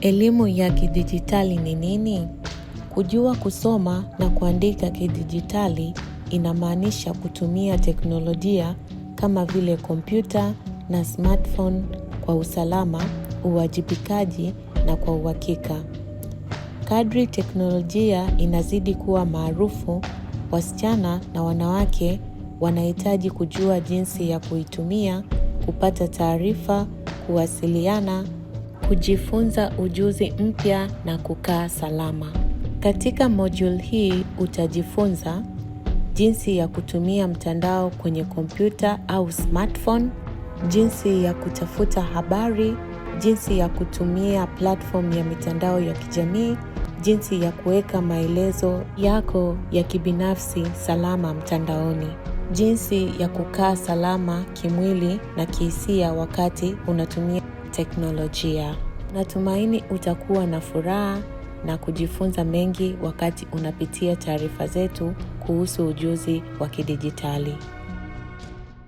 Elimu ya kidijitali ni nini? Kujua kusoma na kuandika kidijitali inamaanisha kutumia teknolojia kama vile kompyuta na smartphone kwa usalama, uwajibikaji na kwa uhakika. Kadri teknolojia inazidi kuwa maarufu, wasichana na wanawake wanahitaji kujua jinsi ya kuitumia, kupata taarifa, kuwasiliana kujifunza ujuzi mpya na kukaa salama. Katika module hii utajifunza jinsi ya kutumia mtandao kwenye kompyuta au smartphone, jinsi ya kutafuta habari, jinsi ya kutumia platform ya mitandao ya kijamii, jinsi ya kuweka maelezo yako ya kibinafsi salama mtandaoni, jinsi ya kukaa salama kimwili na kihisia wakati unatumia teknolojia. Natumaini utakuwa na furaha na kujifunza mengi wakati unapitia taarifa zetu kuhusu ujuzi wa kidijitali.